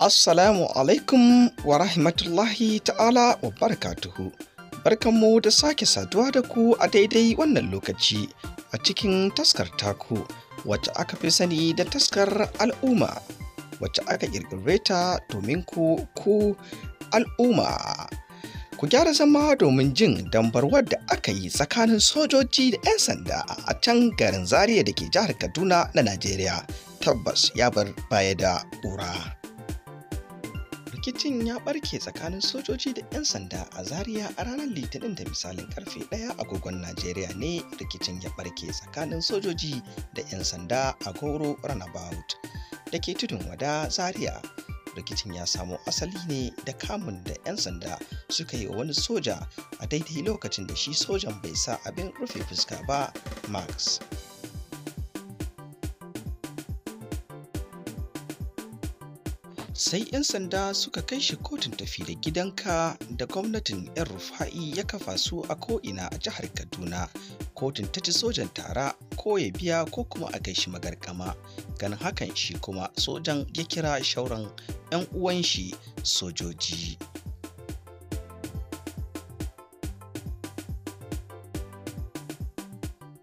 Assalamu alaikum wa rahmatullahi ta'ala wa barakatuhu. Barkanmu da sake saduwa da ku a daidai wannan lokaci a cikin taskar taku wacce aka fi sani da taskar al'umma wacce aka ƙirƙire ta domin ku ku al'umma. Ku gyara zama domin jin dambarwar da aka yi tsakanin sojoji da 'yan sanda a can garin Zaria da ke jihar Kaduna na Najeriya tabbas ya bar baya da ƙura. rikicin ya barke tsakanin sojoji da 'yan sanda a zaria a ranar litinin da misalin karfe 1 agogon najeriya ne rikicin ya barke tsakanin sojoji da 'yan sanda a goro runabout da ke tudun wada zaria rikicin ya samo asali ne da kamun da 'yan sanda suka yi wa wani soja a daidai lokacin da shi sojan bai sa abin rufe fuska ba max sai 'yan sanda suka kai shi kotun tafi da gidanka da gwamnatin 'yan rufa'i ya kafa su a ko'ina a jihar kaduna kotun ta ci sojan tara ko ya biya ko kuma a kai shi magarkama ganin hakan shi kuma sojan ya kira shauran 'yan uwan shi sojoji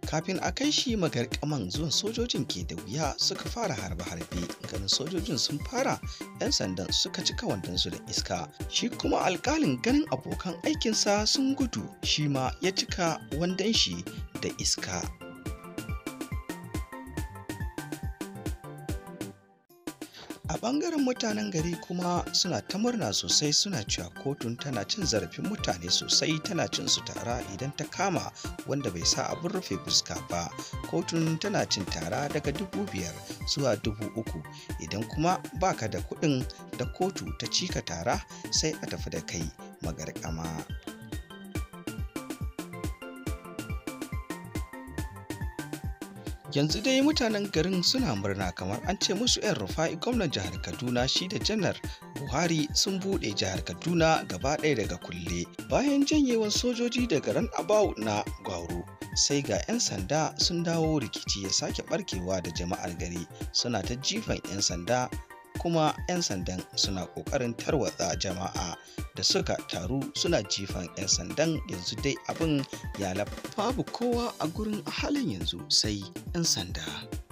kafin a kai shi magarkaman zuwan sojojin ke da wuya suka fara harbe-harbe ganin sojojin sun fara 'yan sandan suka cika wandonsu da iska shi kuma alƙalin ganin abokan aikinsa sun gudu shi ma ya cika wandon shi da iska a ɓangaren mutanen gari kuma suna ta murna sosai suna cewa kotun tana cin zarafin mutane sosai tana cin su tara idan ta kama wanda bai sa abin rufe fuska ba kotun tana cin tara daga dubu biyar zuwa dubu uku idan kuma baka da kuɗin da kotu ta cika tara sai a tafi da kai magarkama. yanzu dai mutanen garin suna murna kamar an ce musu 'yan rufa'i gwamnan jihar kaduna shi da janar buhari sun buɗe jihar kaduna gaba ɗaya daga kulle bayan janyewan sojoji daga ran abau na gwaro sai ga 'yan sanda sun dawo rikici ya sake barkewa da jama'ar gari suna ta jifan 'yan sanda kuma 'yan sandan suna kokarin tarwatsa jama'a da suka taru suna jifan 'yan sandan yanzu dai abin ya lafa kowa a gurin halin yanzu sai 'yan sanda.